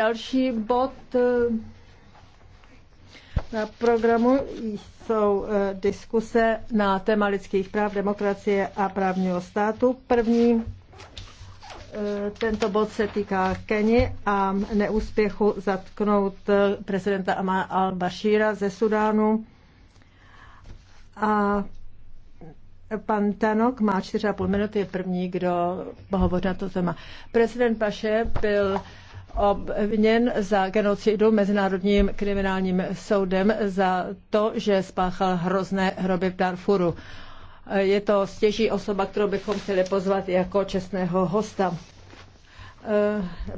Další bod eh, na programu jsou eh, diskuse na téma lidských práv, demokracie a právního státu. První eh, tento bod se týká Keni a neúspěchu zatknout prezidenta Amal al-Bashira ze Sudánu. A Pan Tanok má 4,5 minuty, je první, kdo hovoří na to téma. Prezident Baše byl obviněn za genocidu Mezinárodním kriminálním soudem za to, že spáchal hrozné hroby v Darfuru. Je to stěží osoba, kterou bychom chtěli pozvat jako čestného hosta.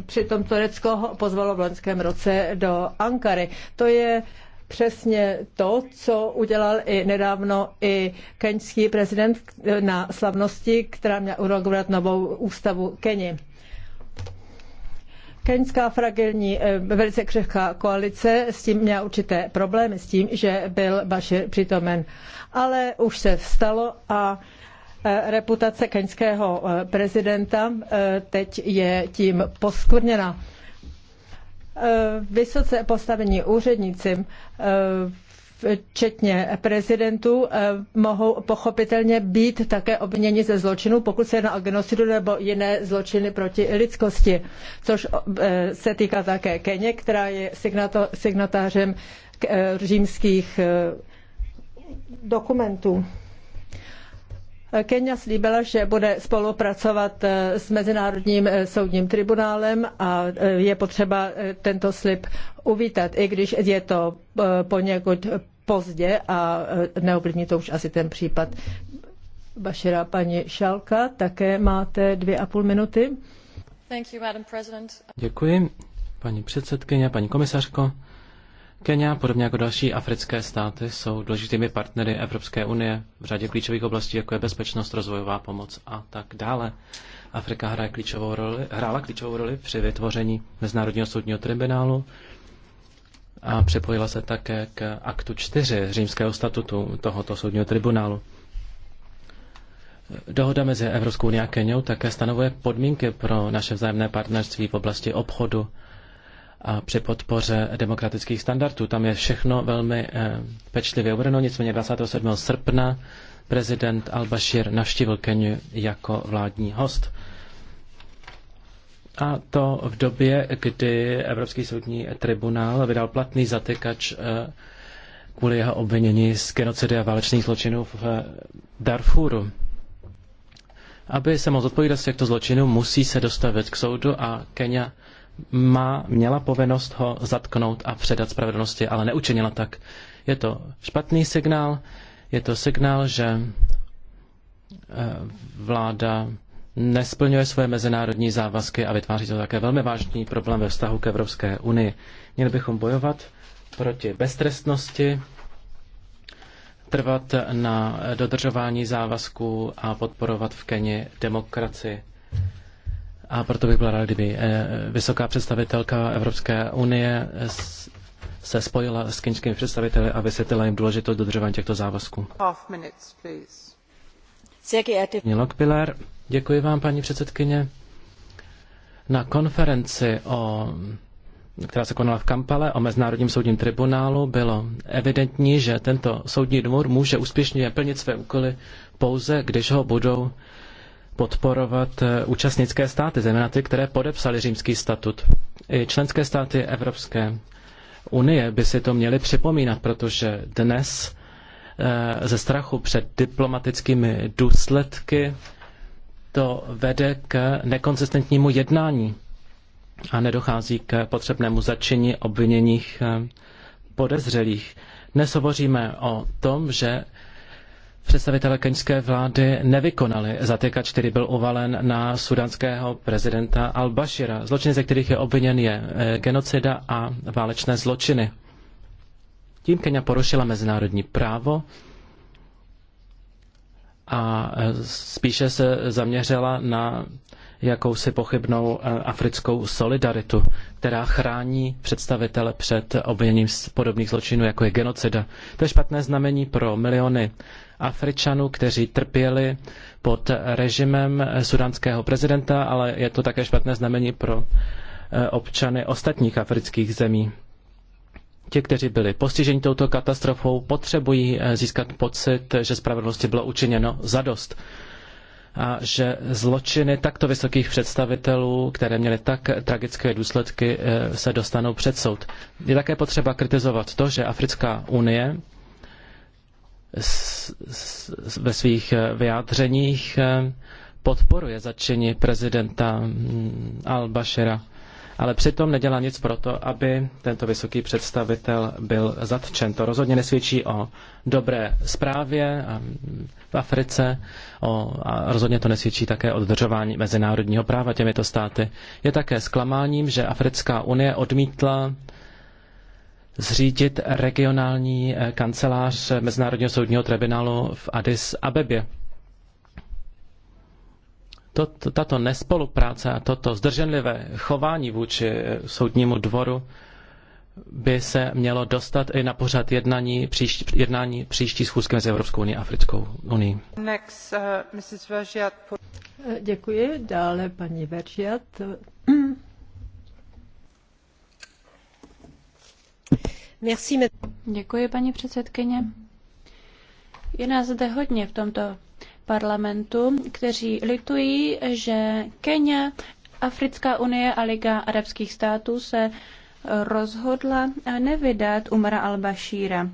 Přitom Turecko ho pozvalo v loňském roce do Ankary. To je přesně to, co udělal i nedávno i keňský prezident na slavnosti, která měla inaugurovat novou ústavu Keni. Keňská fragilní, eh, velice křehká koalice s tím měla určité problémy, s tím, že byl Bašir přítomen. Ale už se vstalo a eh, reputace keňského eh, prezidenta teď je tím poskvrněna. Vysoce postavení úředníci včetně prezidentů, eh, mohou pochopitelně být také obviněni ze zločinů, pokud se jedná o genocidu nebo jiné zločiny proti lidskosti, což eh, se týká také Keně, která je signatářem eh, římských dokumentů. Kenya slíbila, že bude spolupracovat eh, s Mezinárodním eh, soudním tribunálem a eh, je potřeba tento slib uvítat, i když je to poněkud pozdě a neovlivní to už asi ten případ Bašera paní Šalka. Také máte dvě a půl minuty. You, Děkuji, paní předsedkyně, paní komisařko. Kenia, podobně jako další africké státy, jsou důležitými partnery Evropské unie v řadě klíčových oblastí, jako je bezpečnost, rozvojová pomoc a tak dále. Afrika hraje klíčovou roli, hrála klíčovou roli při vytvoření Mezinárodního soudního tribunálu a připojila se také k aktu 4 římského statutu tohoto soudního tribunálu. Dohoda mezi Evropskou unii a Keniou také stanovuje podmínky pro naše vzájemné partnerství v oblasti obchodu, a při podpoře demokratických standardů. Tam je všechno velmi eh, pečlivě uvedeno, nicméně 27. srpna prezident al-Bashir navštívil Keniu jako vládní host. A to v době, kdy Evropský soudní tribunál vydal platný zatykač eh, kvůli jeho obvinění z genocidy a válečných zločinů v eh, Darfuru. Aby se mohl odpovídat z těchto zločinů, musí se dostavit k soudu a Kenya má, měla povinnost ho zatknout a předat spravedlnosti, ale neučinila tak. Je to špatný signál, je to signál, že eh, vláda nesplňuje své mezinárodní závazky a vytváří to také velmi vážný problém ve vztahu k Evropské unii. Měli bychom bojovat proti beztrestnosti, trvat na dodržování závazků a podporovat v Keni demokracii. A proto bych byla rád, kdyby eh, vysoká představitelka Evropské unie se spojila s kyňskými představiteli a vysvětlila jim důležitost dodržování těchto závazků. Pilar, děkuji vám, paní předsedkyně. Na konferenci, o, která se konala v Kampale o Mezinárodním soudním tribunálu, bylo evidentní, že tento soudní dvůr může úspěšně plnit své úkoly pouze, když ho budou podporovat eh, účastnické státy, zejména ty, které podepsaly římský statut. I členské státy Evropské unie by si to měly připomínat, protože dnes eh, ze strachu před diplomatickými důsledky to vede k nekonsistentnímu jednání a nedochází k potřebnému začení obviněních eh, podezřelých. Dnes hovoříme o tom, že představitelé keňské vlády nevykonali. Zatykač, který byl uvalen na sudánského prezidenta Al-Bashira. Zločiny, ze kterých je obviněn, je eh, genocida a válečné zločiny. Tím Kenya porušila mezinárodní právo a eh, spíše se zaměřila na jakousi pochybnou eh, africkou solidaritu, která chrání představitele před obviněním z podobných zločinů, jako je genocida. To je špatné znamení pro miliony Afričanů, kteří trpěli pod režimem sudánského prezidenta, ale je to také špatné znamení pro eh, občany ostatních afrických zemí. Ti, kteří byli postiženi touto katastrofou, potřebují eh, získat pocit, že spravedlnosti bylo učiněno zadost. dost a že zločiny takto vysokých představitelů, které měly tak tragické důsledky, eh, se dostanou před soud. Je také potřeba kritizovat to, že Africká unie ve svých eh, vyjádřeních eh, podporuje začení prezidenta mm, Al-Bashira ale přitom nedělá nic pro to, aby tento vysoký představitel byl zatčen. To rozhodně nesvědčí o dobré zprávě v Africe o, a rozhodně to nesvědčí také o dodržování mezinárodního práva těmito státy. Je také zklamáním, že Africká unie odmítla zřídit regionální eh, kancelář Mezinárodního soudního tribunálu v Addis Abebě tato nespolupráce a toto zdrženlivé chování vůči eh, soudnímu dvoru by se mělo dostat i na pořad jednání, příští, jednání příští schůzky mezi Evropskou unii a Africkou unii. Next, uh, Mrs. Eh, děkuji. Dále paní Veržiat. Děkuji, paní předsedkyně. Je nás zde hodně v tomto parlamentu, kteří litují, že Kenya, Africká unie a Liga arabských států se rozhodla nevydat Umara al Bashira.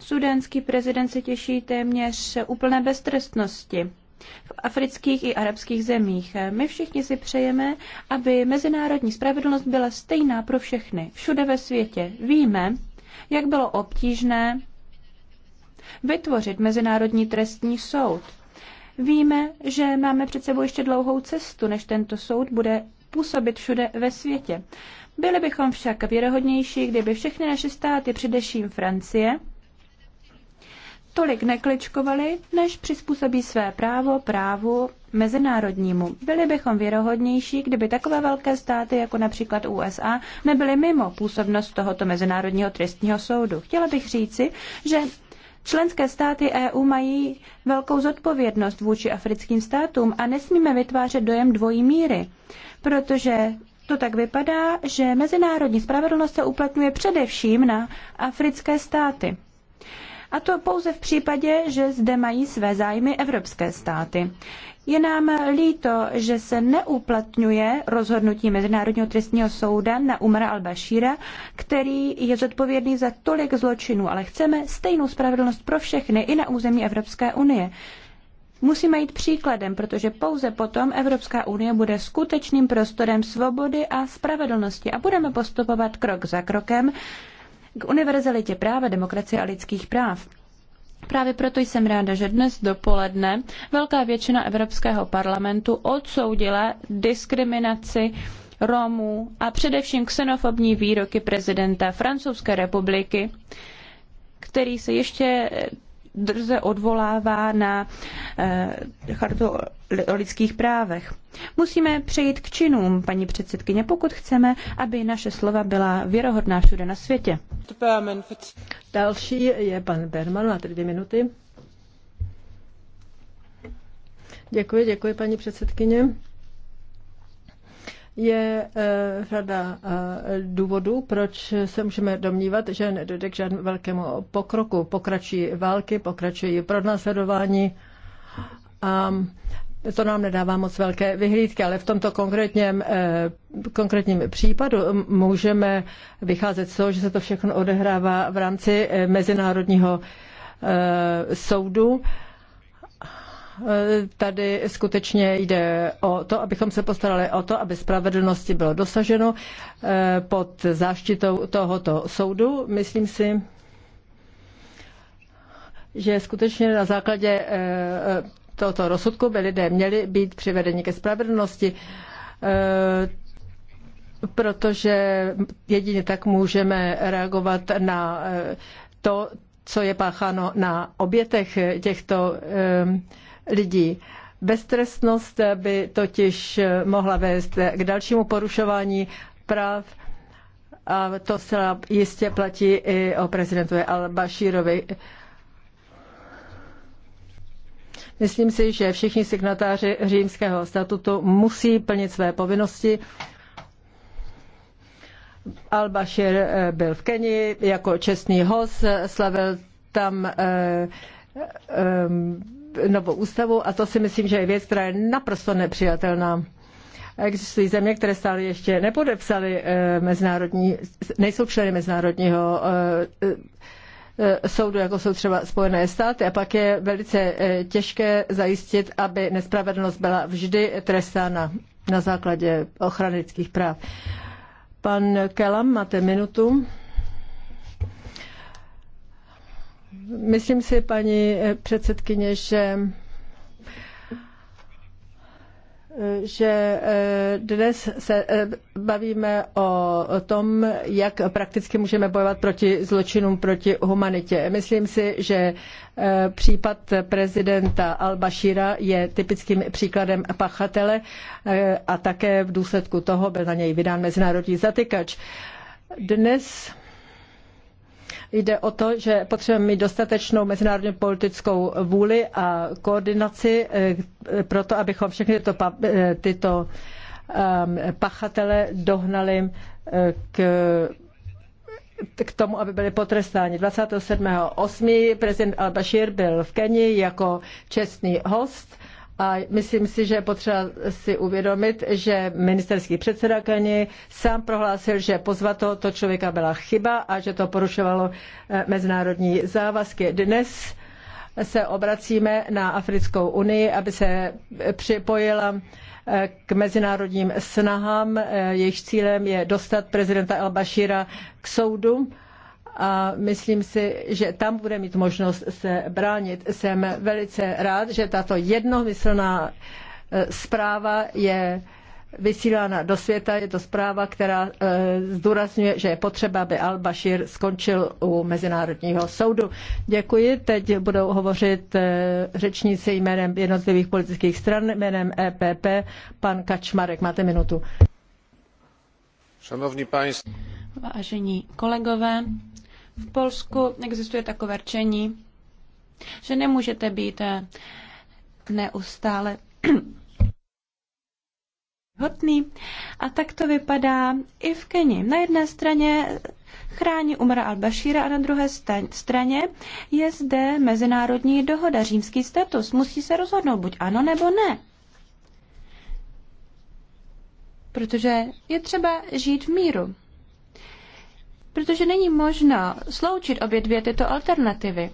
Sudánský prezident se těší téměř úplné beztrestnosti v afrických i arabských zemích. My všichni si přejeme, aby mezinárodní spravedlnost byla stejná pro všechny, všude ve světě. Víme, jak bylo obtížné vytvořit Mezinárodní trestní soud. Víme, že máme před sebou ještě dlouhou cestu, než tento soud bude působit všude ve světě. Byli bychom však věrohodnější, kdyby všechny naše státy, především Francie, tolik nekličkovali, než přizpůsobí své právo právu mezinárodnímu. Byli bychom věrohodnější, kdyby takové velké státy, jako například USA, nebyly mimo působnost tohoto Mezinárodního trestního soudu. Chtěla bych říci, že Členské státy EU mají velkou zodpovědnost vůči africkým státům a nesmíme vytvářet dojem dvojí míry, protože to tak vypadá, že mezinárodní spravedlnost se uplatňuje především na africké státy. A to pouze v případě, že zde mají své zájmy evropské státy. Je nám líto, že se neuplatňuje rozhodnutí Mezinárodního trestního souda na umra al-Bashira, který je zodpovědný za tolik zločinů, ale chceme stejnou spravedlnost pro všechny i na území Evropské unie. Musíme jít příkladem, protože pouze potom Evropská unie bude skutečným prostorem svobody a spravedlnosti a budeme postupovat krok za krokem k univerzalitě práva, demokracie a lidských práv. Právě proto jsem ráda, že dnes dopoledne velká většina Evropského parlamentu odsoudila diskriminaci Romů a především xenofobní výroky prezidenta Francouzské republiky, který se ještě drze odvolává na eh, chartu o lidských právech. Musíme přejít k činům, paní předsedkyně, pokud chceme, aby naše slova byla věrohodná všude na světě. Další je pan Berman, máte dvě minuty. Děkuji, děkuji, paní předsedkyně je eh, řada eh, důvodů, proč se můžeme domnívat, že nedojde k žádnému velkému pokroku. Pokračují války, pokračují pronásledování a to nám nedává moc velké vyhlídky, ale v tomto konkrétním, eh, konkrétním případu můžeme vycházet z toho, že se to všechno odehrává v rámci Mezinárodního soudu. Eh, tady skutečně jde o to, abychom se postarali o to, aby spravedlnosti bylo dosaženo eh, pod záštitou tohoto soudu. Myslím si, že skutečně na základě eh, tohoto rozsudku by lidé měli být přivedeni ke spravedlnosti, protože jedině tak můžeme reagovat na to, co je pácháno na obětech těchto lidí. Beztrestnost by totiž mohla vést k dalšímu porušování práv a to se jistě platí i o prezidentu Al-Bashirovi. Myslím si, že všichni signatáři římského statutu musí plnit své povinnosti. Al-Bashir eh, byl v Kenii jako čestný host, slavil tam eh, eh, novou ústavu a to si myslím, že je věc, která je naprosto nepřijatelná. Existují země, které stále ještě nepodepsaly eh, mezinárodní, nejsou členy mezinárodního eh, eh, soudu, jako jsou třeba Spojené státy, a pak je velice těžké zajistit, aby nespravedlnost byla vždy trestána na základě ochrany lidských práv. Pan Kelam, máte minutu. Myslím si, paní eh, předsedkyně, že eh, že eh, dnes se bavíme o tom, jak prakticky můžeme bojovat proti zločinům proti humanitě. Myslím si, že případ prezidenta Al-Bashira je typickým příkladem pachatele a také v důsledku toho byl na něj vydán mezinárodní zatykač. Dnes Jde o to, že potřebujeme mít dostatečnou mezinárodně politickou vůli a koordinaci eh, pro to, abychom všechny tyto, eh, tyto ehm, pachatele dohnali eh, k k tomu, aby byli potrestáni. 27.8. prezident al-Bashir byl v Keni jako čestný host a myslím si, že je potřeba si uvědomit, že ministerský předseda Keni sám prohlásil, že pozvat tohoto člověka byla chyba a že to porušovalo eh, mezinárodní závazky. Dnes se obracíme na Africkou unii, aby se připojila eh, k mezinárodním snahám. Eh, jejich cílem je dostat prezidenta al-Bashira k soudu a myslím si, že tam bude mít možnost se bránit. Jsem velice rád, že tato jednomyslná e, zpráva je vysílána do světa. Je to zpráva, která e, zdůrazňuje, že je potřeba, aby al-Bashir skončil u Mezinárodního soudu. Děkuji. Teď budou hovořit e, řečníci jménem jednotlivých politických stran, jménem EPP. Pan Kačmarek, máte minutu. Šanovní Vážení kolegové, v Polsku existuje takové řečení, že nemůžete být eh, neustále hodný. A tak to vypadá i v Keni. Na jedné straně chrání Umra al-Bashira a na druhé straně je zde mezinárodní dohoda, římský status. Musí se rozhodnout buď ano nebo ne. Protože je třeba žít v míru protože není možno sloučit obě dvě tyto alternativy.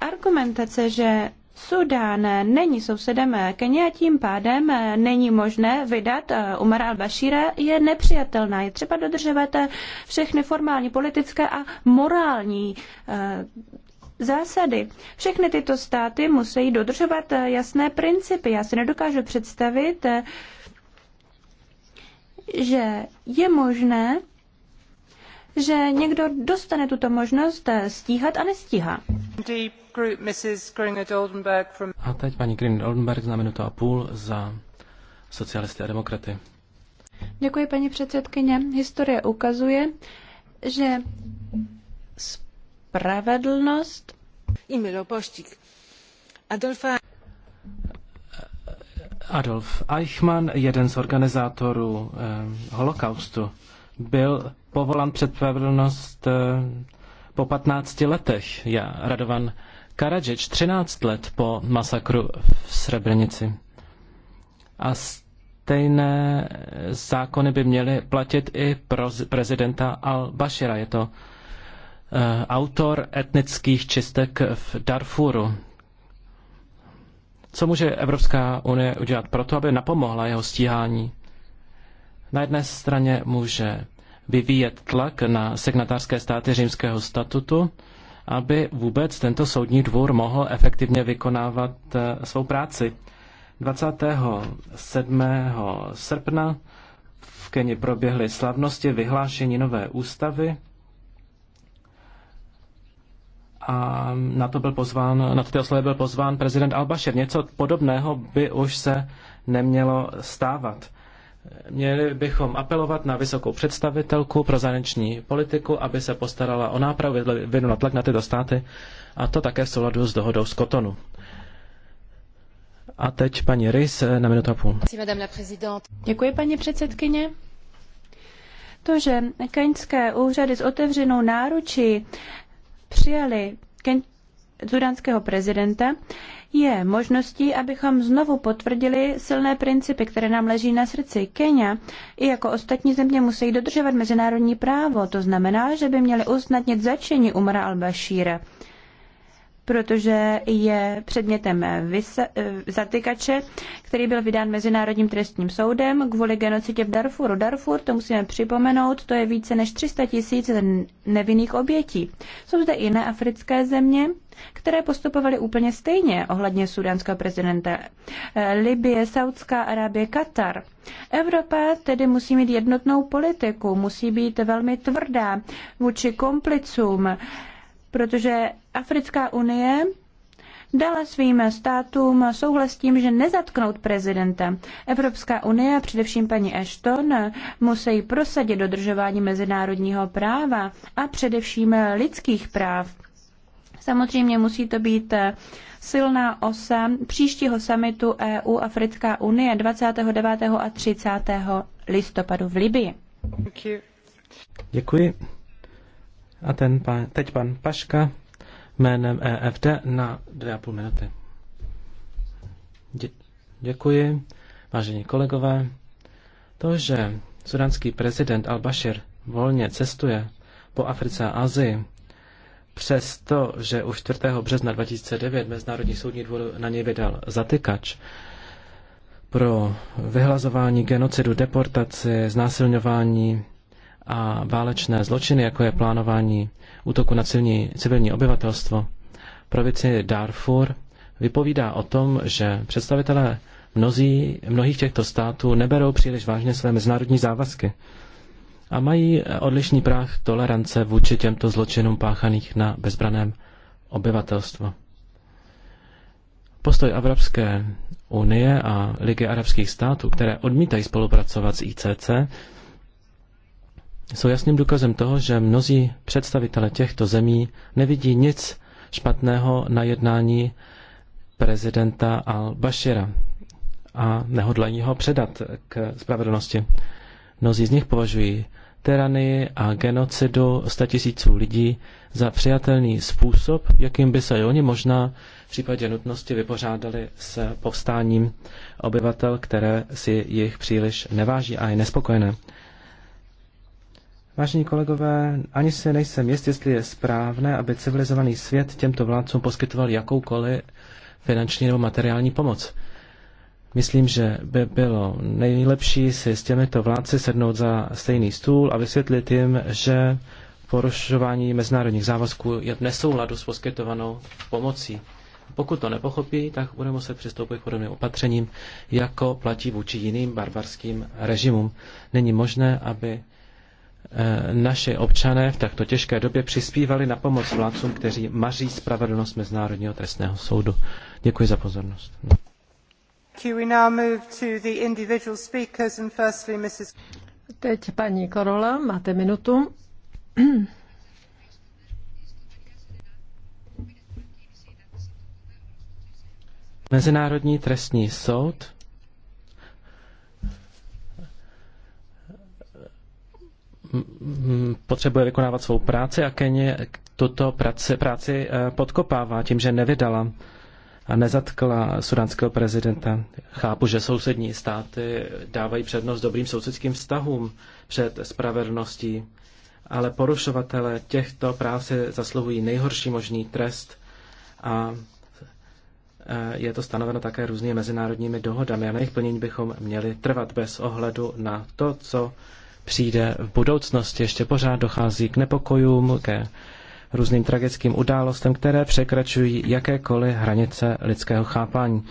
Argumentace, že Sudán není sousedem Keně a tím pádem není možné vydat eh, Umar al-Bashira, je nepřijatelná. Je třeba dodržovat eh, všechny formální, politické a morální eh, zásady. Všechny tyto státy musí dodržovat jasné principy. Já si nedokážu představit, že je možné že někdo dostane tuto možnost eh, stíhat a nestíhá. A teď paní Green Oldenberg za minutu a půl za socialisty a demokraty. Děkuji, paní předsedkyně. Historie ukazuje, že spravedlnost Adolfa Adolf Eichmann, jeden z organizátorů eh, holokaustu, byl povolán před spravedlnost eh, po 15 letech. Já, Radovan Karadžič, 13 let po masakru v Srebrenici. A stejné zákony by měly platit i pro prezidenta al-Bashira. Je to eh, autor etnických čistek v Darfuru. Co může Evropská unie udělat proto, aby napomohla jeho stíhání? Na jedné straně může vyvíjet tlak na signatářské státy římského statutu, aby vůbec tento soudní dvůr mohl efektivně vykonávat eh, svou práci. 27. srpna v Keni proběhly slavnosti vyhlášení nové ústavy a na to byl pozván, na to oslavy byl pozván prezident Albašev. Něco podobného by už se nemělo stávat. Měli bychom apelovat na vysokou představitelku pro zahraniční politiku, aby se postarala o nápravu, vyvinula tlak na tyto státy a to také v souladu s dohodou z Kotonu. A teď paní Rys eh, na minutu a půl. Děkuji, paní předsedkyně. To, že keňské úřady s otevřenou náručí přijali keň... prezidenta, je možností, abychom znovu potvrdili silné principy, které nám leží na srdci. Kenya i jako ostatní země musí dodržovat mezinárodní právo. To znamená, že by měli usnadnit začení Umara al bashir protože je předmětem zatykače, který byl vydán Mezinárodním trestním soudem kvůli genocidě v Darfuru. Darfur, to musíme připomenout, to je více než 300 tisíc nevinných obětí. Jsou zde jiné africké země, které postupovaly úplně stejně ohledně sudánského prezidenta Libie, Saudská Arábie, Katar. Evropa tedy musí mít jednotnou politiku, musí být velmi tvrdá vůči komplicům protože Africká unie dala svým státům souhlas tím, že nezatknout prezidenta. Evropská unie a především paní Ashton musí prosadit dodržování mezinárodního práva a především lidských práv. Samozřejmě musí to být silná osa příštího samitu EU Africká unie 29. a 30. listopadu v Libii. Děkuji. A ten pan, teď pan Paška jménem EFD na dvě a půl minuty. Dě, děkuji, vážení kolegové. To, že sudanský prezident al-Bashir volně cestuje po Africe a Azii, přesto, že už 4. března 2009 Mezinárodní soudní dvůr na něj vydal zatykač pro vyhlazování genocidu, deportaci, znásilňování a válečné zločiny, jako je plánování útoku na civilní, civilní obyvatelstvo, provici Darfur vypovídá o tom, že představitelé mnozí, mnohých těchto států neberou příliš vážně své mezinárodní závazky a mají odlišný práh tolerance vůči těmto zločinům páchaných na bezbraném obyvatelstvo. Postoj Evropské unie a Ligy arabských států, které odmítají spolupracovat s ICC, jsou jasným důkazem toho, že mnozí představitelé těchto zemí nevidí nic špatného na jednání prezidenta al-Bashira a nehodlají ho předat k spravedlnosti. Mnozí z nich považují terany a genocidu tisíců lidí za přijatelný způsob, jakým by se oni možná v případě nutnosti vypořádali s povstáním obyvatel, které si jich příliš neváží a je nespokojené. Vážení kolegové, ani si nejsem jist, jestli je správné, aby civilizovaný svět těmto vládcům poskytoval jakoukoliv finanční nebo materiální pomoc. Myslím, že by bylo nejlepší si s těmito vládci sednout za stejný stůl a vysvětlit jim, že porušování mezinárodních závazků je v nesouladu s poskytovanou pomocí. Pokud to nepochopí, tak budeme muset přistoupit k podobným opatřením, jako platí vůči jiným barbarským režimům. Není možné, aby Eh, naši občané v takto těžké době přispívali na pomoc vládcům, kteří maří spravedlnost Mezinárodního trestného soudu. Děkuji za pozornost. Teď paní Korola, máte minutu. Mezinárodní trestní soud potřebuje vykonávat svou práci a Keně tuto práci, práci eh, podkopává tím, že nevydala a nezatkla sudánského prezidenta. Chápu, že sousední státy dávají přednost dobrým sousedským vztahům před spravedlností, ale porušovatele těchto práv si zasluhují nejhorší možný trest a eh, je to stanoveno také různými mezinárodními dohodami a na jejich plnění bychom měli trvat bez ohledu na to, co přijde v budoucnosti. Ještě pořád dochází k nepokojům, ke různým tragickým událostem, které překračují jakékoliv hranice lidského chápání.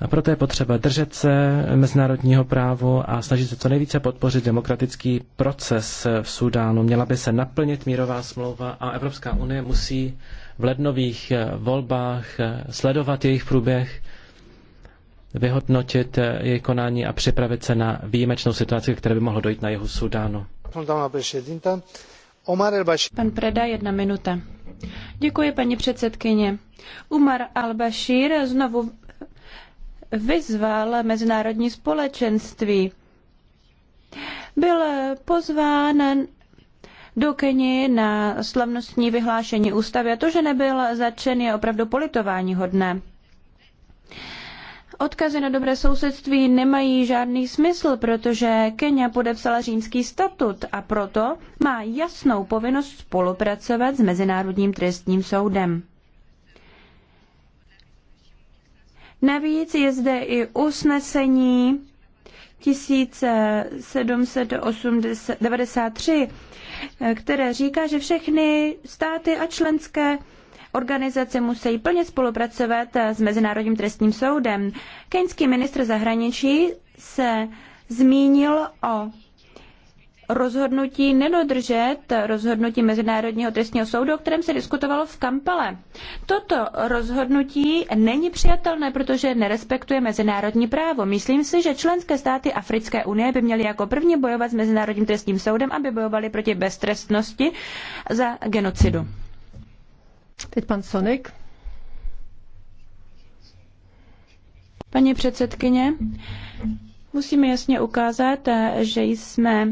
A proto je potřeba držet se mezinárodního právu a snažit se co nejvíce podpořit demokratický proces v Sudánu. Měla by se naplnit mírová smlouva a Evropská unie musí v lednových volbách sledovat jejich průběh vyhodnotit eh, její konání a připravit se na výjimečnou situaci, které by mohlo dojít na jihu Sudánu. Pan Preda, jedna minuta. Děkuji, paní předsedkyně. Umar al-Bashir znovu vyzval mezinárodní společenství. Byl pozván do Keni na slavnostní vyhlášení ústavy a to, že nebyl začen, je opravdu politování hodné odkazy na dobré sousedství nemají žádný smysl, protože Kenya podepsala římský statut a proto má jasnou povinnost spolupracovat s Mezinárodním trestním soudem. Navíc je zde i usnesení 1793, které říká, že všechny státy a členské Organizace musí plně spolupracovat s Mezinárodním trestním soudem. Keňský ministr zahraničí se zmínil o rozhodnutí nedodržet rozhodnutí Mezinárodního trestního soudu, o kterém se diskutovalo v Kampale. Toto rozhodnutí není přijatelné, protože nerespektuje mezinárodní právo. Myslím si, že členské státy Africké unie by měly jako první bojovat s Mezinárodním trestním soudem, aby bojovali proti beztrestnosti za genocidu. Teď pan Sonik. Paní předsedkyně, musíme jasně ukázat, že jsme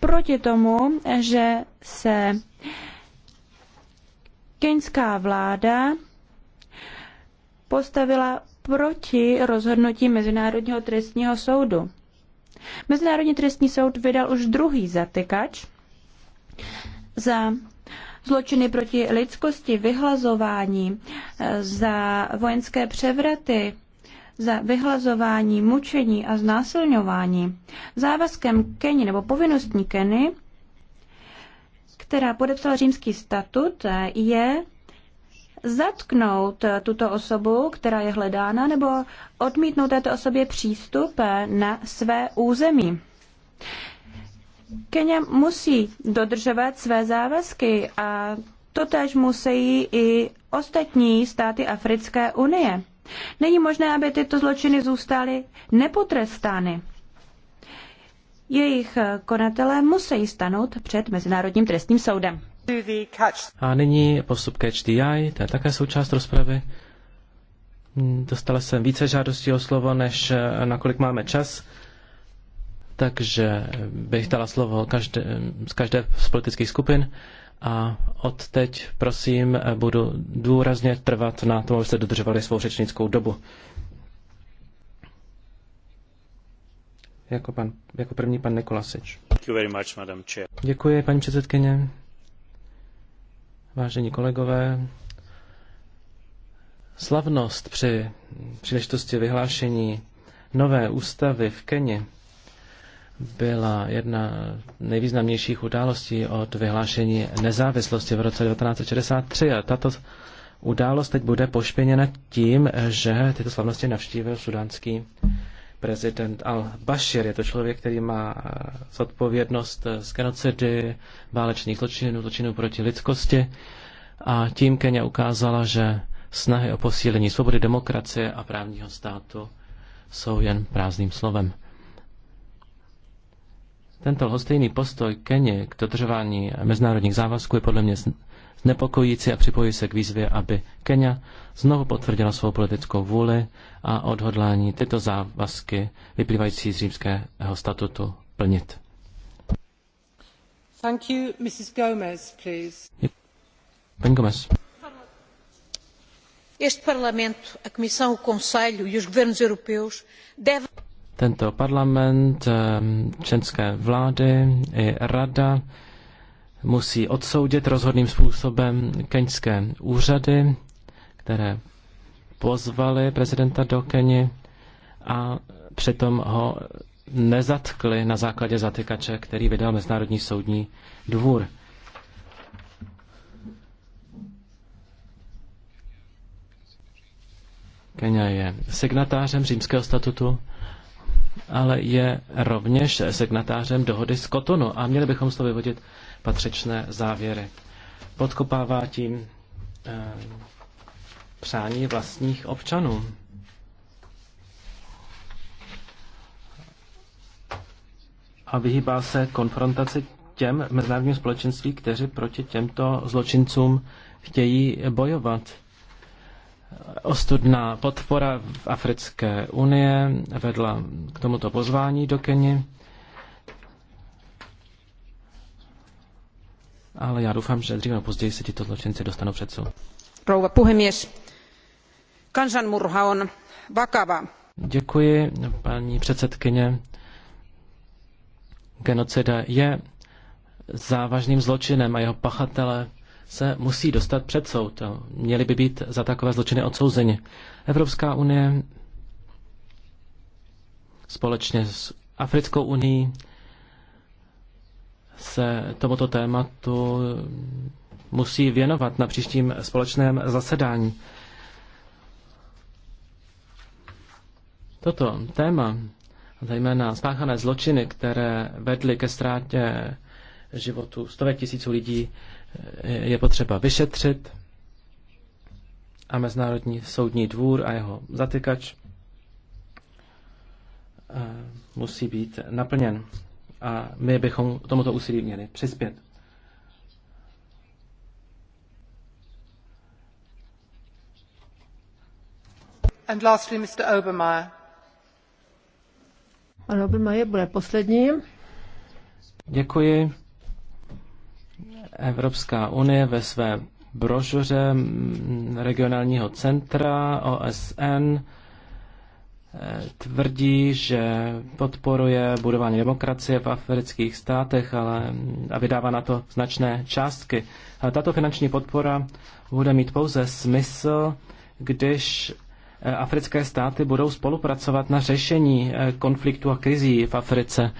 proti tomu, že se keňská vláda postavila proti rozhodnutí Mezinárodního trestního soudu. Mezinárodní trestní soud vydal už druhý zatykač za zločiny proti lidskosti, vyhlazování, eh, za vojenské převraty, za vyhlazování, mučení a znásilňování. Závazkem Keny nebo povinností Keny, která podepsala římský statut, je zatknout tuto osobu, která je hledána, nebo odmítnout této osobě přístup na své území. Kenya musí dodržovat své závazky a totéž musí i ostatní státy Africké unie. Není možné, aby tyto zločiny zůstaly nepotrestány. Jejich konatelé musí stanout před Mezinárodním trestním soudem. A nyní postup Catch the Eye, to je také součást rozpravy. Dostala jsem více žádostí o slovo, než eh, nakolik máme čas. Takže bych dala slovo každé, z každé z politických skupin a od teď, prosím, budu důrazně trvat na tom, abyste dodržovali svou řečnickou dobu. Jako, pan, jako první pan Nikolasič. Děkuji, paní předsedkyně. Vážení kolegové, slavnost při příležitosti vyhlášení nové ústavy v Keni byla jedna nejvýznamnějších událostí od vyhlášení nezávislosti v roce 1963 a tato událost teď bude pošpěněna tím, že tyto slavnosti navštívil sudánský prezident al-Bashir. Je to člověk, který má eh, zodpovědnost eh, z genocidy, válečných zločinů, zločinů proti lidskosti a tím Kenya ukázala, že snahy o posílení svobody demokracie a právního státu jsou jen prázdným slovem. Tento lhostejný postoj Keně k dodržování mezinárodních závazků je podle mě znepokojící a připojí se k výzvě, aby Kenya znovu potvrdila svou politickou vůli a odhodlání tyto závazky vyplývající z římského statutu plnit. Thank you, Mrs. Gomez, please. Paní Gomez. Este Parlamento, a Comissão, o Conselho e os governos europeus devem tento parlament, eh, členské vlády i rada musí odsoudit rozhodným způsobem keňské úřady, které pozvali prezidenta do Keni a přitom ho nezatkli na základě zatykače, který vydal Mezinárodní soudní dvůr. Kenya je signatářem římského statutu ale je rovněž signatářem dohody z Kotonu a měli bychom z toho vyvodit patřičné závěry. Podkopává tím eh, přání vlastních občanů. A vyhýbá se konfrontaci těm mezinárodním společenství, kteří proti těmto zločincům chtějí bojovat. Ostudná podpora v Africké unie vedla k tomuto pozvání do Keni. Ale já doufám, že dříve nebo později se tyto zločinci dostanou před soud. Rouva puhemies, kansanmurha on vakava. Děkuji, paní předsedkyně. Genocida je závažným zločinem a jeho pachatele se musí dostat před soud. Měli by být za takové zločiny odsouzeni. Evropská unie společně s Africkou unii se tomuto tématu musí věnovat na příštím společném zasedání. Toto téma, zejména spáchané zločiny, které vedly ke ztrátě životu stovek tisíců lidí, je potřeba vyšetřit a Mezinárodní soudní dvůr a jeho zatykač eh, musí být naplněn. A my bychom tomuto úsilí měli přispět. And lastly, Mr. Obermeyer. Pan Obermeyer bude poslední. Děkuji. Evropská unie ve své brožuře regionálního centra OSN eh, tvrdí, že podporuje budování demokracie v afrických státech ale, a vydává na to značné částky. Ale tato finanční podpora bude mít pouze smysl, když eh, africké státy budou spolupracovat na řešení eh, konfliktu a krizí v Africe.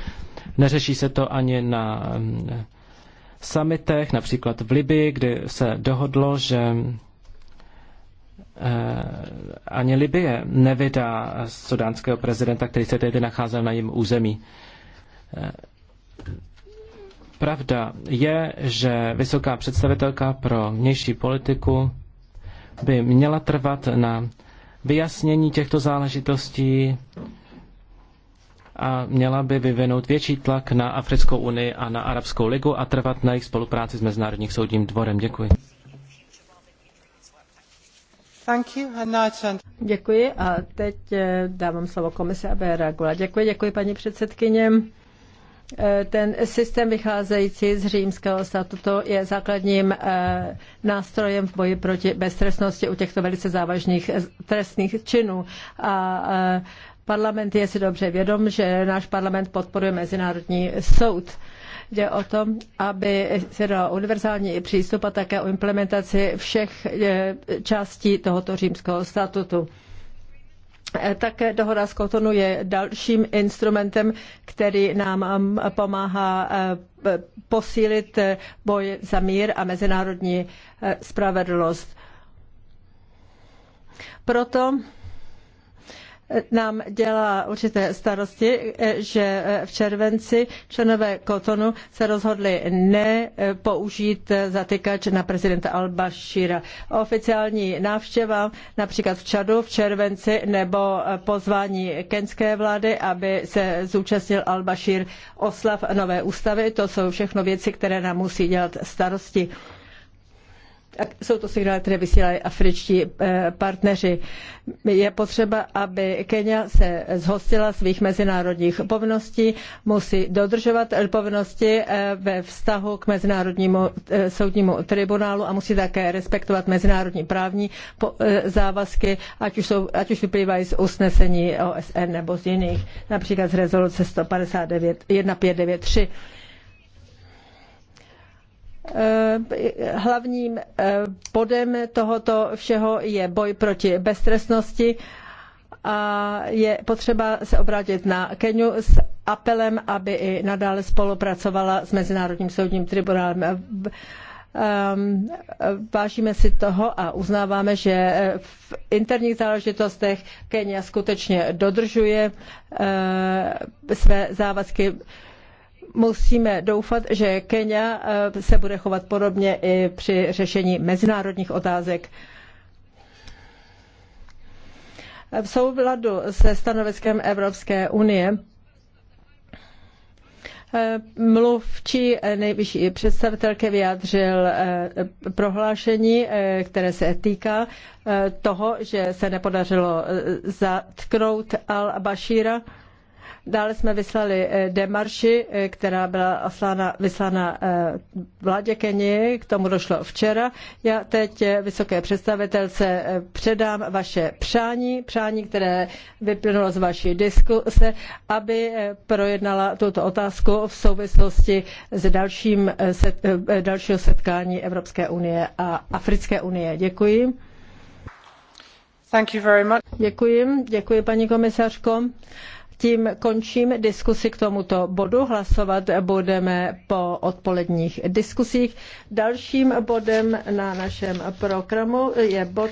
Neřeší se to ani na samitech, například v Libii, kdy se dohodlo, že eh, ani Libie nevydá sudánského prezidenta, který se tehdy nacházel na jejím území. Eh, pravda je, že vysoká představitelka pro vnější politiku by měla trvat na vyjasnění těchto záležitostí, a měla by vyvinout větší tlak na Africkou unii a na Arabskou ligu a trvat na jejich spolupráci s Mezinárodním soudním dvorem. Děkuji. Děkuji a teď eh, dávám slovo komise, aby reagovala. Děkuji, děkuji paní předsedkyně. Eh, ten systém vycházející z římského statutu je základním eh, nástrojem v boji proti beztrestnosti u těchto velice závažných trestných činů. A Parlament je si dobře vědom, že náš parlament podporuje Mezinárodní soud. Jde o to, aby se dal univerzální přístup a také o implementaci všech eh, částí tohoto římského statutu. Eh, také dohoda z Kotonu je dalším instrumentem, který nám mm, pomáhá eh, posílit boj za mír a mezinárodní spravedlnost. Proto nám dělá určité starosti, že v červenci členové Kotonu se rozhodli nepoužít zatykač na prezidenta Al-Bashira. Oficiální návštěva například v Čadu v červenci nebo pozvání keňské vlády, aby se zúčastnil Al-Bashir oslav nové ústavy, to jsou všechno věci, které nám musí dělat starosti jsou to signály, které vysílají afričtí eh, partneři. Je potřeba, aby Kenya se zhostila svých mezinárodních povinností, musí dodržovat povinnosti eh, ve vztahu k Mezinárodnímu eh, soudnímu tribunálu a musí také respektovat mezinárodní právní závazky, ať už, jsou, ať už vyplývají z usnesení OSN nebo z jiných, například z rezoluce 159, 1593. Eh, hlavním eh, bodem tohoto všeho je boj proti beztrestnosti a je potřeba se obrátit na Keniu s apelem, aby i nadále spolupracovala s Mezinárodním soudním tribunálem. Eh, ehm, vážíme si toho a uznáváme, že v interních záležitostech Kenia skutečně dodržuje své závazky musíme doufat, že Kenya eh, se bude chovat podobně i při řešení mezinárodních otázek. Eh, v souladu se stanoviskem Evropské unie eh, Mluvčí nejvyšší představitelky vyjádřil prohlášení, které se týká toho, že se nepodařilo zatknout Al-Bashira. Dále jsme vyslali eh, demarši, eh, která byla vyslána eh, vládě Keni, k tomu došlo včera. Já teď vysoké představitelce předám vaše přání, přání, které vyplynulo z vaší diskuse, aby projednala tuto otázku v souvislosti s dalším set, dalšího setkání Evropské unie a Africké unie. Děkuji. Thank you very much. Děkuji, děkuji paní komisařko. Tím končím diskusi k tomuto bodu. Hlasovat budeme po odpoledních diskusích. Dalším bodem na našem programu je bod